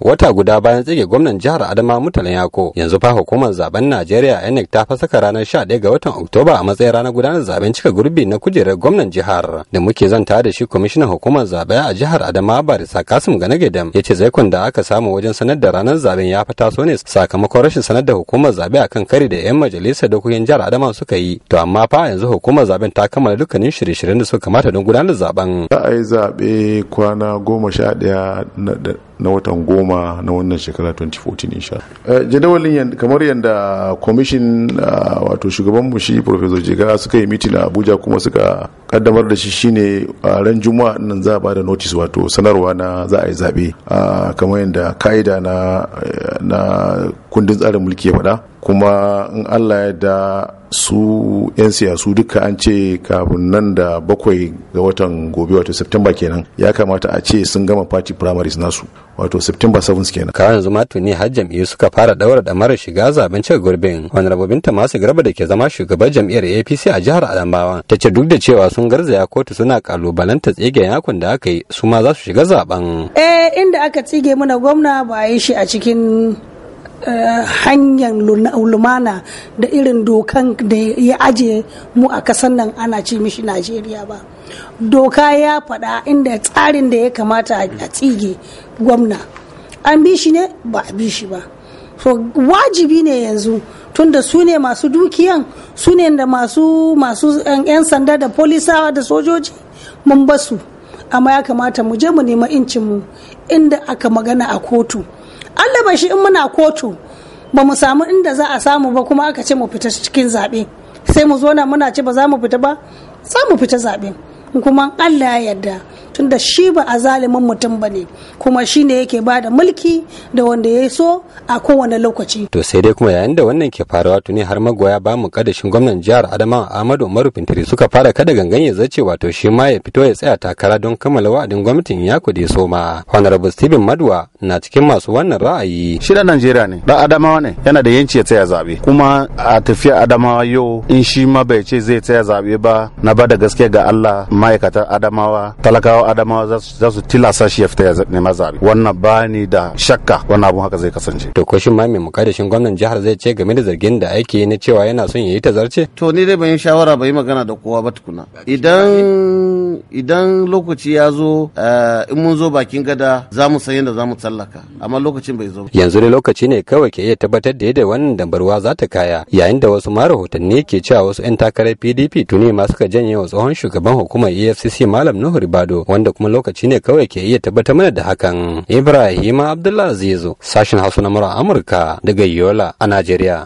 wata guda bayan tsige gwamnan jihar adama mutalan yako yanzu fa hukumar zaben najeriya inec ta fasaka ranar 11 ga watan oktoba a matsayin ranar gudanar zaben cika gurbi na kujerar gwamnan jihar da muke zanta da shi kwamishinan hukumar zabe a jihar adama barisa kasim ganagedam ya ce zaikon da aka samu wajen sanar da ranar zaben ya fata so ne sakamakon rashin sanar da hukumar zabe kan kari da yan majalisar dokokin jihar adama suka yi to amma fa yanzu hukumar zaben ta kammala dukkanin shirye-shiryen da suka kamata don gudanar zaben za a yi zaɓe kwana goma sha ɗaya na watan goma na wannan shekara 2014 insha eh, jadawalin kamar yadda kwamishin ah, wato shugaban mu shi professor suka yi mitin a abuja kuma suka kaddamar da shi shine ah, ran juma'a nan za a bada notice wato sanarwa na za a yi zabe ah, kamar yadda ka'ida eh, na kundin tsarin mulki ya faɗa kuma in allah ya da su 'yan siyasu duka an ce kafin nan da bakwai ga watan gobe wato september kenan ya kamata a ce sun gama party primaries nasu wato september 7 kenan kawai yanzu ma tuni har jam'iyyu suka fara daura mara shiga zaben cika gurbin kwanza-rabobin ta masu garba da ke zama shugaban jam'iyyar apc a jihar adamawa ta ce duk da cewa sun garzaya kotu suna kalubalanta tsige yakun da aka yi su ma za su shiga zaben eh inda aka tsige mana gwamna ba a yi shi a cikin hanyar lumana da irin dokan da ya aje mu a kasan nan ana ce mishi najeriya ba doka ya faɗa inda tsarin da ya kamata a tsige gwamna an bi shi ne ba a bi shi ba so wajibi ne yanzu tunda su ne masu dukiyan su ne da masu eh, 'yan sanda da polisawa da sojoji mun basu amma ya kamata mu je mu nema mu inda aka magana a kotu allah ba shi in muna kotu ba mu samu inda za a samu ba kuma aka ce mu fita cikin zaɓe sai mu zo na muna ce ba za mu fita ba za mu fita zaɓe kuma Allah ya yarda tunda shi ba a zalimin mutum ba ne kuma shi ne yake ba da mulki da wanda ya so a kowane lokaci. To sai dai kuma yayin da wannan ke faruwa tuni har magoya ba mu kadashin gwamnan jihar Adama Ahmadu Umaru Fintiri suka fara kada gangan ya zace wato shi ma ya fito ya tsaya takara don kammala wa'adin gwamnatin ya kude so ma. Honorable Stephen Maduwa na cikin masu wannan ra'ayi. Shi da Najeriya ne, da Adamawa ne, yana da yanci ya tsaya zabe. Kuma a tafiya Adamawa yau in shi ma bai ce zai tsaya zabe ba na ba da gaske ga Allah ma'aikatar adamawa talakawa adamawa za su tilasa shi ya fita ya nema zaɓe wannan ba ni da shakka wannan abun haka zai kasance to ko shin ma mai shin gwamnan jihar zai ce game da zargin da ake na cewa yana son ya yi ta zarce to ni dai ban yi shawara ba yi magana da kowa ba tukuna idan idan lokaci ya zo eh, in mun zo bakin gada za mu san yadda za mu tsallaka amma lokacin bai zo yanzu dai lokaci ne kawai ke iya tabbatar da yadda wannan dambarwa za ta kaya yayin da wasu ma rahotanni ke cewa wasu 'yan takarar pdp tuni ma suka janye wa tsohon shugaban hukumar efcc malam nuhu ribado wanda kuma lokaci ne kawai ke iya tabbatar mana da hakan Ibrahim abdullah Azizu, sashen hausa na amurka daga yola a najeriya